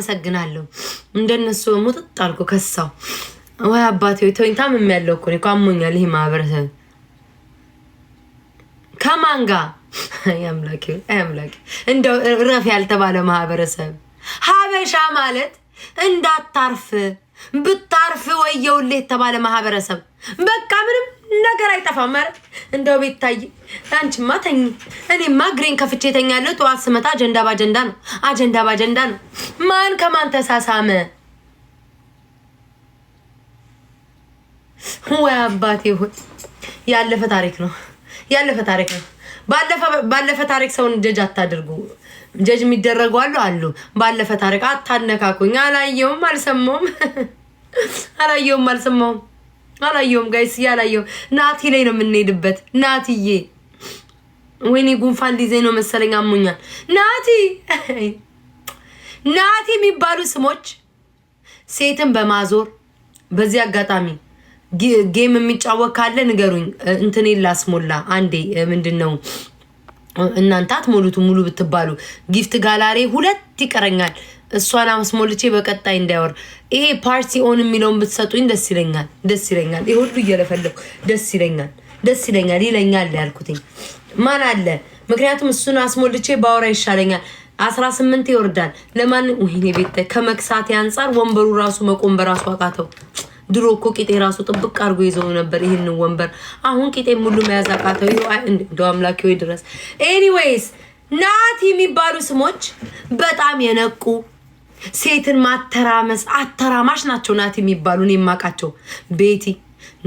አመሰግናለሁ። እንደነሱ ሙጥጥ አልኩ ከሳው ወይ አባቴ ወይ ተወኝ። ታምም ያለው እኮ እኮ አሞኛል። ይሄ ማህበረሰብ ከማን ጋር አምላኬ አምላኬ፣ እንደው እረፍ ያልተባለ ማህበረሰብ። ሀበሻ ማለት እንዳታርፍ ብታርፍ ወየውልህ የተባለ ማህበረሰብ በቃ ምንም ነገር አይጠፋም። ኧረ እንደው ቤታይ አንቺማ ተኝ። እኔማ ግሬን ከፍቼ ተኛለሁ። ጠዋት ስመጣ አጀንዳ ባጀንዳ ነው፣ አጀንዳ ባጀንዳ ነው። ማን ከማን ተሳሳመ? ወይ አባቴ ሆይ! ያለፈ ታሪክ ነው፣ ያለፈ ታሪክ ነው። ባለፈ ባለፈ ታሪክ ሰውን ጀጅ አታድርጉ። ጀጅ የሚደረጉ አሉ አሉ። ባለፈ ታሪክ አታነካኩኝ። አላየውም፣ አልሰማውም፣ አላየውም፣ አልሰማውም አላየውም ጋይስ፣ ያላየው ናቲ ላይ ነው የምንሄድበት። ናቲዬ፣ ወይኔ ጉንፋን ዲዛይን ነው መሰለኝ አሞኛል። ናቲ ናቲ የሚባሉ ስሞች ሴትን በማዞር በዚህ አጋጣሚ ጌም የሚጫወት ካለ ንገሩኝ። እንትኔ ላስሞላ አንዴ ምንድን ነው እናንተ አትሞሉቱ ሙሉ ብትባሉ ጊፍት ጋላሪ ሁለት ይቀረኛል። እሷን አስሞልቼ በቀጣይ እንዳይወር ይሄ ፓርቲ ኦን የሚለውን ብትሰጡኝ ደስ ይለኛል። ደስ ይለኛል። ይሄ ሁሉ እየለፈለኩ ደስ ይለኛል። ደስ ይለኛል ይለኛል ያልኩትኝ ማን አለ? ምክንያቱም እሱን አስሞልቼ ባወራ ይሻለኛል። አስራ ስምንት ይወርዳል። ለማን ወይኔ ቤት ከመክሳቴ አንጻር ወንበሩ ራሱ መቆም በራሱ አቃተው። ድሮ እኮ ቂጤ ራሱ ጥብቅ አድርጎ ይዘው ነበር ይህንን ወንበር። አሁን ቂጤ ሙሉ መያዝ አቃተው። እንደ አምላኪ ወይ ድረስ። ኤኒዌይስ ናት የሚባሉ ስሞች በጣም የነቁ ሴትን ማተራመስ አተራማሽ ናቸው። ናቲ የሚባሉ እኔ የማውቃቸው ቤቲ፣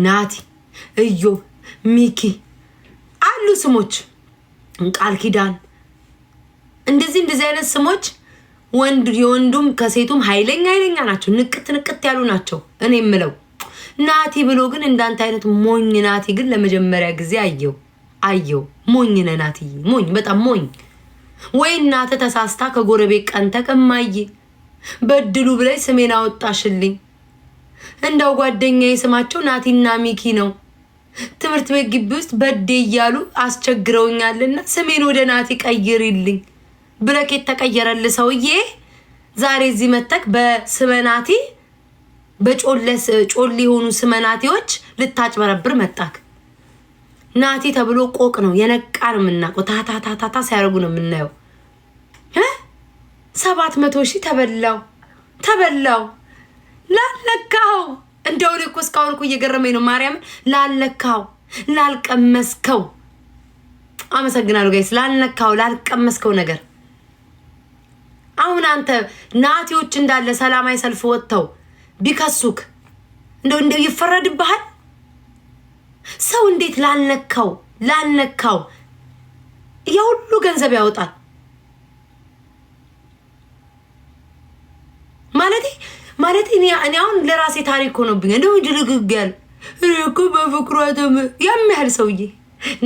ናቲ፣ እዮ፣ ሚኪ አሉ ስሞች ቃል ኪዳን እንደዚህ እንደዚህ አይነት ስሞች ወንድ የወንዱም ከሴቱም ኃይለኛ ኃይለኛ ናቸው። ንቅት ንቅት ያሉ ናቸው። እኔ የምለው ናቲ ብሎ ግን እንዳንተ አይነት ሞኝ ናቲ ግን ለመጀመሪያ ጊዜ አየው አየው። ሞኝ ነ ናቲ ሞኝ በጣም ሞኝ። ወይ እናተ ተሳስታ ከጎረቤት ቀንተ ቀማዬ በድሉ ብላይ ስሜን አወጣሽልኝ። እንደው ጓደኛዬ ስማቸው ናቲና ሚኪ ነው። ትምህርት ቤት ግቢ ውስጥ በዴ እያሉ አስቸግረውኛልና ስሜን ወደ ናቲ ቀይርልኝ። ብረክ የተቀየረል ሰውዬ ዛሬ እዚህ መተክ በስመናቲ ጮል የሆኑ ስመናቲዎች ልታጭበረብር መጣክ። ናቲ ተብሎ ቆቅ ነው የነቃ ነው የምናውቀው። ታታታታታ ሲያደርጉ ነው የምናየው። ሰባት መቶ ሺህ ተበላው ተበላው ላለካው እንደው እኔ እኮ እስካሁን እኮ እየገረመኝ ነው ማርያምን። ላለካው ላልቀመስከው፣ አመሰግናለሁ ጋይስ። ላልነካው ላልቀመስከው ነገር አሁን አንተ ናቲዎች እንዳለ ሰላማዊ ሰልፍ ወጥተው ቢከሱክ እንደው እንደው ይፈረድብሃል። ሰው እንዴት ላልነካው ላልነካው የሁሉ ገንዘብ ያወጣል ማለት ማለት እኔ አሁን ለራሴ ታሪክ ሆኖብኝ እንደው ድርግጋል እኮ በፍቅሯ የሚያህል ሰውዬ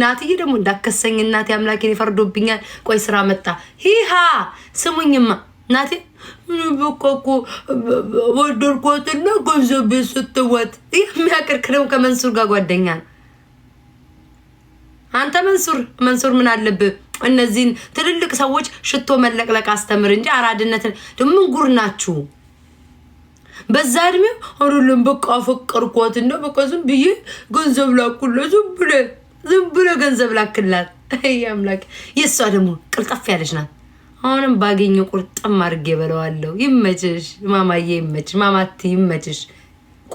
ናትዬ ደግሞ እንዳከሰኝ እናቴ አምላኬን ይፈርዶብኛል። ቆይ ስራ መጣ ሂሃ ስሙኝማ ናቴ በቃ ወደድኳትና ገንዘቤ ቤት ስትወት የሚያቀርክ ደግሞ ከመንሱር ጋር ጓደኛ ነው። አንተ መንሱር መንሱር ምን አለብህ? እነዚህን ትልልቅ ሰዎች ሽቶ መለቅለቅ አስተምር እንጂ አራድነት ምን ጉር ናችሁ? በዛ እድሜው አሁን በቃ አፈቀርኳትና በቃ ዝም ብዬ ገንዘብ ላኩለ ዝም ብለህ ዝም ብሎ ገንዘብ ላክላት። አምላክ የእሷ ደግሞ ቅልጠፍ ያለች ናት። አሁንም ባገኘው ቁርጥም አድርጌ በለዋለሁ። ይመችሽ ማማዬ፣ ይመችሽ ማማቴ፣ ይመችሽ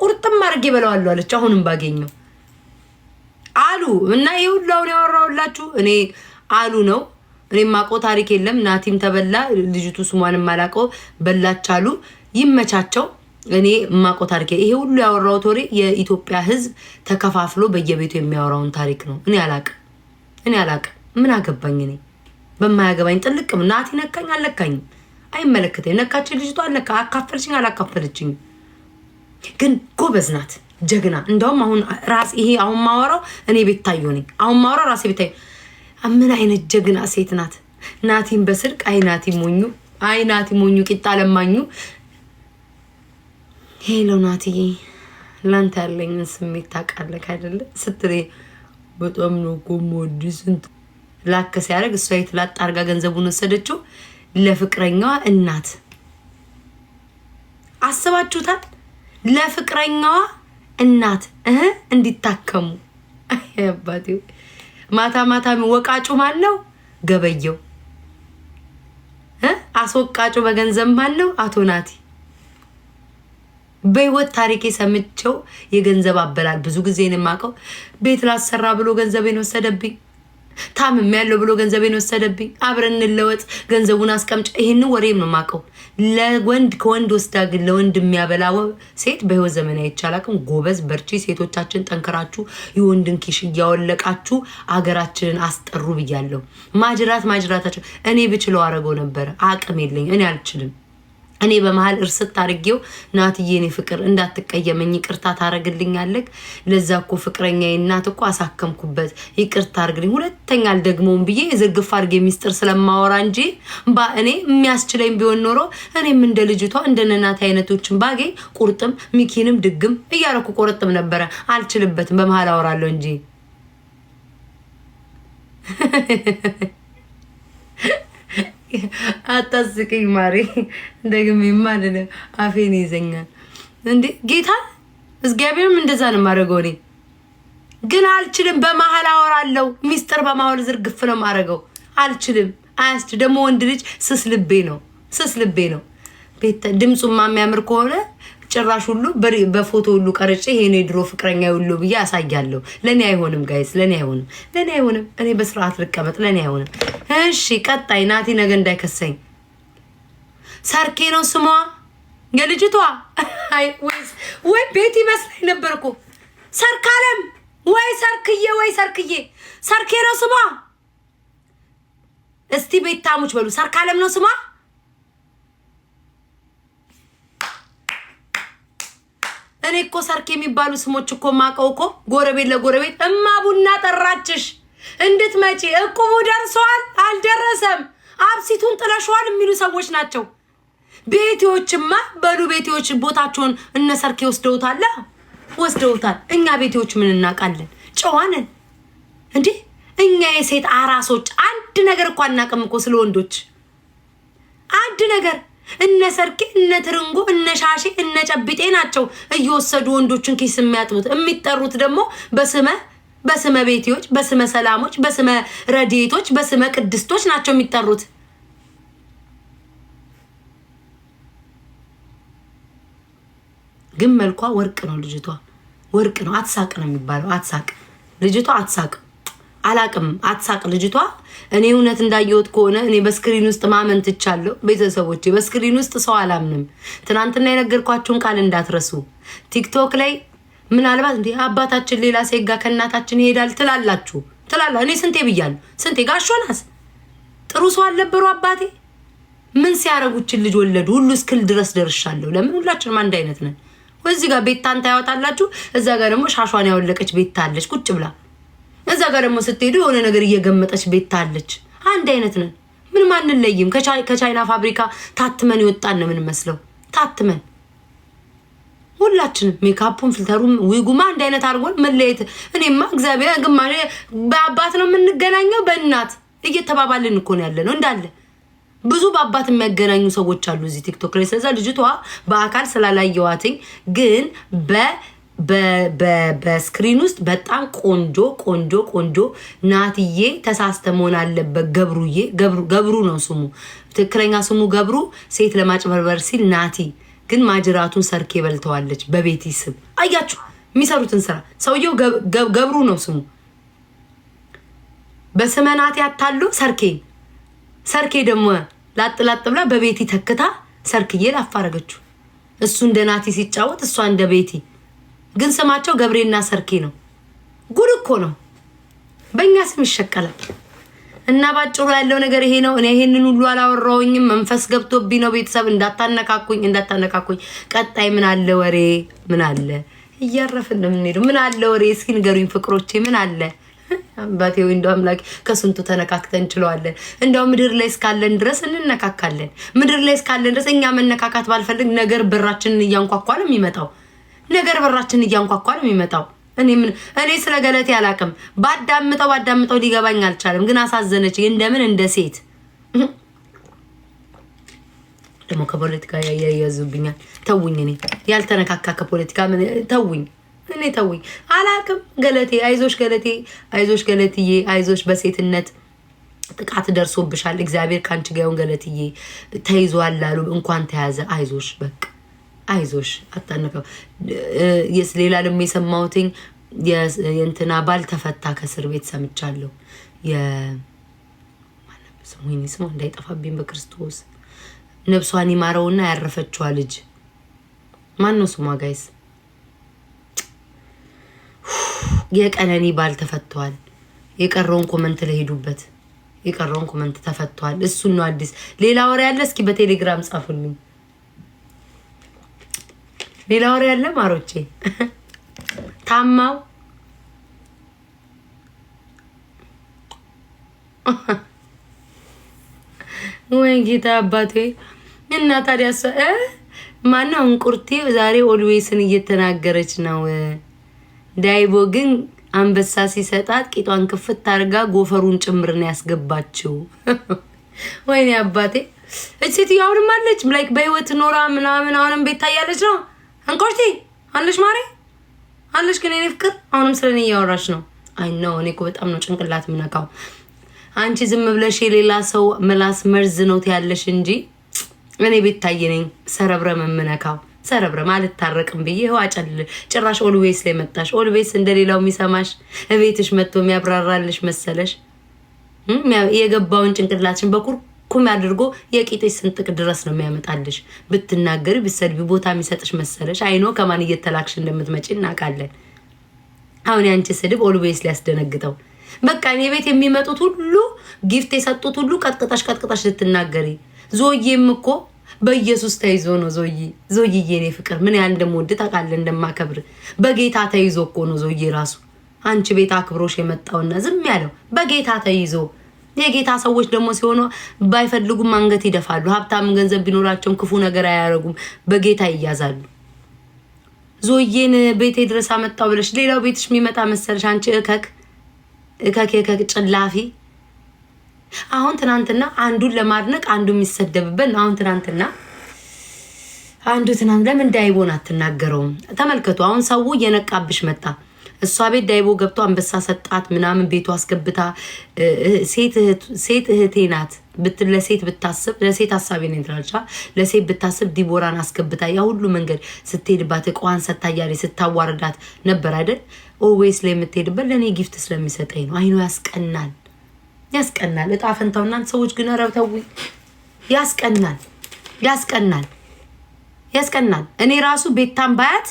ቁርጥም አድርጌ በለዋለሁ አለች። አሁንም ባገኘው አሉ እና ይህ ሁሉ አሁን ያወራሁላችሁ እኔ አሉ ነው። እኔ የማውቀው ታሪክ የለም። ናቲም ተበላ ልጅቱ ስሟንም አላውቀው በላች አሉ። ይመቻቸው። እኔ የማውቀው ታሪክ ይሄ ሁሉ ያወራው ቶሪ የኢትዮጵያ ሕዝብ ተከፋፍሎ በየቤቱ የሚያወራውን ታሪክ ነው። እኔ አላቅም፣ እኔ አላቅም። ምን አገባኝ? እኔ በማያገባኝ ጥልቅም ናት ነካኝ አልነካኝም አይመለከተኝ። ነካችን ልጅቷ አልነካ አካፈልችኝ አላካፈለችኝ፣ ግን ጎበዝ ናት፣ ጀግና። እንደውም አሁን ራስ ይሄ አሁን ማወራው እኔ ቤት ታዩ ነኝ። አሁን ማወራው ራሴ ቤት ታዩ። ምን አይነት ጀግና ሴት ናት! ናቲም በስልቅ አይ ናቲ ሞኙ፣ አይ ናቲ ሞኙ፣ ቂጣ ለማኙ ሄሎ ናትዬ፣ ላንተ ያለኝን ስሜት ታውቃለህ አይደለ? ስትል በጣም ነው እኮ ስንት ላክ ሲያደርግ እሷ የትላጣ አርጋ ገንዘቡን ወሰደችው ለፍቅረኛዋ እናት። አስባችሁታል? ለፍቅረኛዋ እናት እህ እንዲታከሙ አባቴ። ማታ ማታ ወቃጩ ማን ነው? ገበየው አስወቃጩ በገንዘብ ማን ነው? አቶ ናቲ በህይወት ታሪኬ ሰምቼው የገንዘብ አበላል ብዙ ጊዜ የማውቀው ቤት ላሰራ ብሎ ገንዘቤን ወሰደብኝ። ታምም ያለው ብሎ ገንዘቤን ወሰደብኝ። አብረን እንለወጥ ገንዘቡን አስቀምጫ። ይህን ወሬም ነው የማውቀው። ለወንድ ከወንድ ወስዳ ግን ለወንድ የሚያበላ ሴት በህይወት ዘመን አይቻላቅም። ጎበዝ በርቺ፣ ሴቶቻችን ጠንክራችሁ የወንድን ኪሽ እያወለቃችሁ አገራችንን አስጠሩ ብያለሁ። ማጅራት ማጅራታቸው እኔ ብችለው አረገው ነበረ። አቅም የለኝ እኔ አልችልም። እኔ በመሀል እርስት አድርጌው ናትዬ፣ እኔ ፍቅር እንዳትቀየመኝ ይቅርታ ታረግልኛለህ። ለዛ እኮ ፍቅረኛ እናት እኮ አሳከምኩበት፣ ይቅርታ አርግልኝ፣ ሁለተኛ አልደግመውም ብዬ ዝርግፍ አድርጌ ሚስጥር ስለማወራ እንጂ ባ እኔ የሚያስችለኝ ቢሆን ኖሮ እኔም እንደ ልጅቷ እንደ ነናት አይነቶችን ባገኝ ቁርጥም ሚኪንም ድግም እያረኩ ቆረጥም ነበረ። አልችልበትም፣ በመሀል አወራለሁ እንጂ አታስቀኝ ማሬ። ደግሜማ አይደለም አፌን ይዘኛል እንዴ ጌታ እግዚአብሔርም እንደዛ ነው የማደርገው። እኔ ግን አልችልም። በመሀል አወራለሁ። ሚስጥር በማወል ዝርግፍ ነው የማደርገው። አልችልም። አያስችል ደግሞ ወንድ ልጅ ስስ ልቤ ነው ስስ ልቤ ነው። ቤት ድምፁማ የሚያምር ከሆነ ጭራሽ ሁሉ በፎቶ ሁሉ ቀርጬ ነው የድሮ ፍቅረኛ ሁሉ ብዬ አሳያለሁ። ለእኔ አይሆንም ጋይስ፣ ለእኔ አይሆንም፣ ለእኔ አይሆንም። እኔ በስርዓት ልቀመጥ፣ ለእኔ አይሆንም። እሺ ቀጣይ፣ ናቲ ነገ እንዳይከሰኝ ሰርኬ ነው ስሟ የልጅቷ ወይ ቤት ይመስላኝ ነበር እኮ ሰርካለም ወይ ሰርክዬ ወይ ሰርክዬ ሰርኬ ነው ስሟ። እስቲ ቤታሞች በሉ ሰርካለም ነው ስሟ። እኔ እኮ ሰርክ የሚባሉ ስሞች እኮ ማቀው እኮ ጎረቤት ለጎረቤት እማ ቡና ጠራችሽ መጪ እቁቡ ደርሰዋል አልደረሰም አብሲቱን ጥለሸዋል የሚሉ ሰዎች ናቸው። ቤቴዎችማ በሉ ቤቴዎች ቦታቸውን እነ ሰርኬ ወስደውታል ወስደውታል። እኛ ቤቴዎች ምን እናውቃለን? ጨዋንን እንዲህ እኛ የሴት አራሶች አንድ ነገር እኳ አናውቅም እኮ ስለ ወንዶች አንድ ነገር እነ ሰርኬ እነ ትርንጎ እነ ሻሼ እነ ጨብጤ ናቸው እየወሰዱ ወንዶችን ኪስ የሚያጥቡት። የሚጠሩት ደግሞ በስመ በስመ ቤቴዎች፣ በስመ ሰላሞች፣ በስመ ረድኤቶች፣ በስመ ቅድስቶች ናቸው የሚጠሩት። ግን መልኳ ወርቅ ነው። ልጅቷ ወርቅ ነው። አትሳቅ ነው የሚባለው። አትሳቅ ልጅቷ አትሳቅ። አላቅም። አትሳቅ ልጅቷ። እኔ እውነት እንዳየወት ከሆነ እኔ በስክሪን ውስጥ ማመን ትቻለሁ። ቤተሰቦች በስክሪን ውስጥ ሰው አላምንም። ትናንትና የነገርኳችሁን ቃል እንዳትረሱ። ቲክቶክ ላይ ምናልባት እንዲህ አባታችን ሌላ ሴጋ ከእናታችን ይሄዳል ትላላችሁ ትላላ። እኔ ስንቴ ብያለሁ? ስንቴ ጋሾናስ ጥሩ ሰው አልነበሩ አባቴ ምን ሲያረጉችን ልጅ ወለዱ ሁሉ እስክል ድረስ ደርሻለሁ። ለምን ሁላችንም አንድ አይነት ነን። እዚህ ጋር ቤታን ታያወጣላችሁ፣ እዛ ጋር ደግሞ ሻሿን ያወለቀች ቤታ አለች ቁጭ ብላ እዛ ጋር ደግሞ ስትሄዱ የሆነ ነገር እየገመጠች ቤት ታለች። አንድ አይነት ነን። ምንም አንለይም። ከቻይና ፋብሪካ ታትመን ይወጣን ነው የምንመስለው። ታትመን ሁላችንም ሜካፑም ፊልተሩም ዊጉማ አንድ አይነት አድርጎን መለየት። እኔማ እግዚአብሔር ግማሽ በአባት ነው የምንገናኘው፣ በእናት እየተባባልን እኮ ነው ያለ ነው እንዳለ ብዙ በአባት የሚያገናኙ ሰዎች አሉ እዚህ ቲክቶክ ላይ። ስለዛ ልጅቷ በአካል ስላላየዋትኝ ግን በ በስክሪን ውስጥ በጣም ቆንጆ ቆንጆ ቆንጆ ናትዬ ተሳስተ መሆን አለበት። ገብሩዬ ገብሩ ነው ስሙ፣ ትክክለኛ ስሙ ገብሩ። ሴት ለማጭበርበር ሲል ናቲ ግን ማጅራቱን ሰርኬ በልተዋለች በቤቲ ስም። አያችሁ የሚሰሩትን ስራ። ሰውየው ገብሩ ነው ስሙ። በስመ ናቲ አታሎ ሰርኬ ሰርኬ ደግሞ ላጥ ላጥ ብላ በቤቲ ተክታ ሰርክዬ ላፋረገችው። እሱ እንደ ናቲ ሲጫወት እሷ እንደ ቤቴ ግን ስማቸው ገብሬና ሰርኬ ነው። ጉድ እኮ ነው። በእኛ ስም ይሸቀላል። እና ባጭሩ ያለው ነገር ይሄ ነው። እኔ ይሄንን ሁሉ አላወራውኝም፣ መንፈስ ገብቶብኝ ነው። ቤተሰብ እንዳታነካኩኝ፣ እንዳታነካኩኝ። ቀጣይ ምን አለ ወሬ፣ ምን አለ እያረፍን ነው የምንሄደው። ምን አለ ወሬ እስኪ ንገሩኝ ፍቅሮቼ፣ ምን አለ አባቴ ወይ እንደው አምላኬ፣ ከስንቱ ተነካክተን እንችለዋለን። እንደው ምድር ላይ እስካለን ድረስ እንነካካለን። ምድር ላይ እስካለን ድረስ እኛ መነካካት ባልፈልግ ነገር በራችንን ነው የሚመጣው ነገር በራችን እያንኳኳ ነው የሚመጣው። እኔ ምን እኔ ስለ ገለቴ አላቅም። ባዳምጠው ባዳምጠው ሊገባኝ አልቻለም። ግን አሳዘነች። እንደምን እንደ ሴት ደግሞ ከፖለቲካ ያያዙብኛል። ተውኝ። እኔ ያልተነካካ ከፖለቲካ ምን ተውኝ። እኔ ተውኝ አላቅም። ገለቴ አይዞሽ፣ ገለቴ አይዞሽ፣ ገለትዬ አይዞሽ። በሴትነት ጥቃት ደርሶብሻል። እግዚአብሔር ከአንቺ ጋር ይሁን ገለትዬ። ተይዟል ላሉ እንኳን ተያዘ። አይዞሽ በቃ አይዞሽ አታነቀው። ሌላ ደግሞ የሰማሁትኝ የእንትና ባል ተፈታ ከእስር ቤት ሰምቻለሁ። ስሙኝ ስሙ እንዳይጠፋብኝ በክርስቶስ ነብሷን ይማረውና ያረፈችዋ ልጅ ማን ነው ስሟ? ጋይስ የቀነኒ ባል ተፈቷል። የቀረውን ኮመንት ለሄዱበት የቀረውን ኮመንት ተፈቷል። እሱን ነው አዲስ ሌላ ወሬ ያለ። እስኪ በቴሌግራም ጻፉልኝ። ሌላ ወሬ ያለ ማሮቼ ታማው ወይ ጌታ አባቴ እና ታዲያ ማነው እንቁርቲ ዛሬ ኦልዌስን እየተናገረች ነው። ዳይቦ ግን አንበሳ ሲሰጣት ቂጧን ክፍት አድርጋ ጎፈሩን ጭምር ነው ያስገባችው። ወይኔ አባቴ እች ሴትዮ አሁንም አለች ላይክ በህይወት ኖራ ምናምን አሁንም ቤት ታያለች ነው እንቆርቲ አለሽ ማሬ አለሽ። ግን እኔ ፍቅር አሁንም ስለ እኔ እያወራች ነው። አይ ነው እኔ እኮ በጣም ነው ጭንቅላት ምነካው። አንቺ ዝም ብለሽ የሌላ ሰው ምላስ መርዝ ነው ያለሽ እንጂ እኔ ቤታዬ ነኝ ሰረብረ መምነካው ሰረብረም አልታረቅም ብዬ ይኸው አጨልል። ጭራሽ ኦልዌይስ ላይ መጣሽ። ኦልዌይስ እንደሌላው የሚሰማሽ እቤትሽ መጥቶ የሚያብራራልሽ መሰለሽ የገባውን ጭንቅላትሽን በኩር ቁም አድርጎ የቂጥሽ ስንጥቅ ድረስ ነው የሚያመጣልሽ። ብትናገሪ ብትሰድቢ ቦታ የሚሰጥሽ መሰለሽ? አይኖ ከማን እየተላክሽ እንደምትመጪ እናውቃለን። አሁን ያንቺ ስድብ ኦልዌይስ ሊያስደነግጠው በቃ እኔ ቤት የሚመጡት ሁሉ ጊፍት የሰጡት ሁሉ ቀጥቅጠሽ ቀጥቅጠሽ ልትናገሪ። ዞዬም እኮ በኢየሱስ ተይዞ ነው ዞዬ ዞዬዬ፣ የኔ ፍቅር ምን ያህል እንደምወድ ታውቃለህ፣ እንደማከብር በጌታ ተይዞ እኮ ነው ዞዬ ራሱ አንቺ ቤት አክብሮሽ የመጣውና ዝም ያለው በጌታ ተይዞ የጌታ ሰዎች ደግሞ ሲሆኑ ባይፈልጉም አንገት ይደፋሉ። ሀብታም ገንዘብ ቢኖራቸውም ክፉ ነገር አያደርጉም። በጌታ ይያዛሉ። ዞዬን ቤቴ ድረስ አመጣው ብለሽ ሌላው ቤትሽ የሚመጣ መሰለሽ? አንቺ እከክ እከክ እከክ ጭላፊ። አሁን ትናንትና አንዱን ለማድነቅ አንዱ የሚሰደብበት አሁን ትናንትና አንዱ ትናንት ለምን ዳይቦን አትናገረውም? ተመልከቱ። አሁን ሰው እየነቃብሽ መጣ። እሷ ቤት ዳይቦ ገብቶ አንበሳ ሰጣት ምናምን ቤቱ አስገብታ ሴት እህቴ ናት ለሴት ብታስብ ለሴት ሀሳቢ ነው ትላልቻ ለሴት ብታስብ ዲቦራን አስገብታ ያ ሁሉ መንገድ ስትሄድባት እቋን ሰታያሪ ስታዋርዳት ነበር አይደል? ኦልዌይስ ላይ የምትሄድበት ለእኔ ጊፍት ስለሚሰጠኝ ነው። አይኖ ያስቀናል፣ ያስቀናል። እጣ ፈንታው እናንተ ሰዎች ግን ረብተዊ ያስቀናል፣ ያስቀናል፣ ያስቀናል። እኔ ራሱ ቤታን ባያት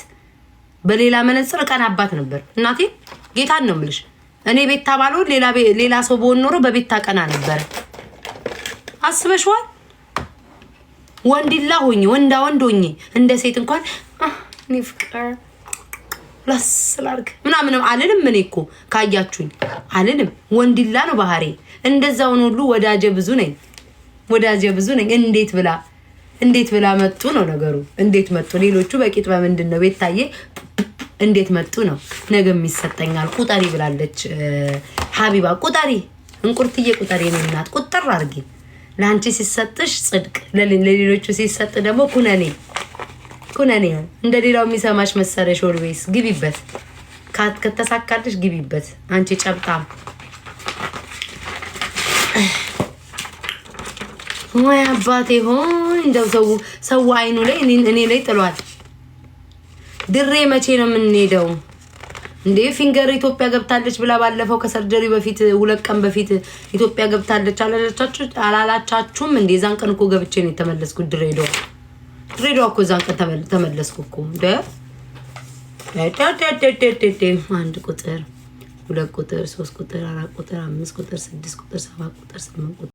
በሌላ መነጽር ቀን አባት ነበር። እናቴ ጌታን ነው የምልሽ። እኔ ቤት ታባሉ ሌላ ሰው በሆን ኖሮ በቤት ቀና ነበር። አስበሽዋል? ወንድላ ሆኜ ወንዳ ወንድ ሆኜ እንደ ሴት እንኳን እኔ ፍቅር ላስላርግ ምናምንም አልልም። እኔ እኮ ካያችሁኝ አልልም። ወንድላ ነው ባህሬ። እንደዛውን ሁሉ ወዳጀ ብዙ ነኝ፣ ወዳጀ ብዙ ነኝ። እንዴት ብላ እንዴት ብላ መጡ ነው ነገሩ። እንዴት መጡ ሌሎቹ በቂጥ በምንድን ነው ቤት ታዬ እንዴት መጡ ነው ነገ የሚሰጠኛል። ቁጠሪ ብላለች ሀቢባ ቁጠሪ፣ እንቁርትዬ ቁጠሪ ነው እናት ቁጥር አርጊ ለአንቺ ሲሰጥሽ ጽድቅ፣ ለሌሎቹ ሲሰጥ ደግሞ ኩነኔ ኩነኔ። እንደ ሌላው የሚሰማሽ መሰረሽ ወልዌስ ግቢበት፣ ከተሳካልሽ ግቢበት። አንቺ ጨብጣም ወይ አባቴ ሆይ እንደው ሰው ሰው አይኑ ላይ እኔ ላይ ጥሏል። ድሬ መቼ ነው የምንሄደው? እንዴ ፊንገር ኢትዮጵያ ገብታለች ብላ ባለፈው ከሰርጀሪ በፊት ሁለት ቀን በፊት ኢትዮጵያ ገብታለች አላላቻችሁ አላላቻችሁም እንዴ? ዛን ቀን እኮ ገብቼ ነው የተመለስኩት። ድሬዳዋ ድሬዳዋ እኮ ዛን ቀን ተመለስኩ እኮ። አንድ ቁጥር፣ ሁለት ቁጥር፣ ሶስት ቁጥር፣ አራት ቁጥር፣ አምስት ቁጥር፣ ስድስት ቁጥር፣ ሰባት ቁጥር፣ ስምንት ቁጥር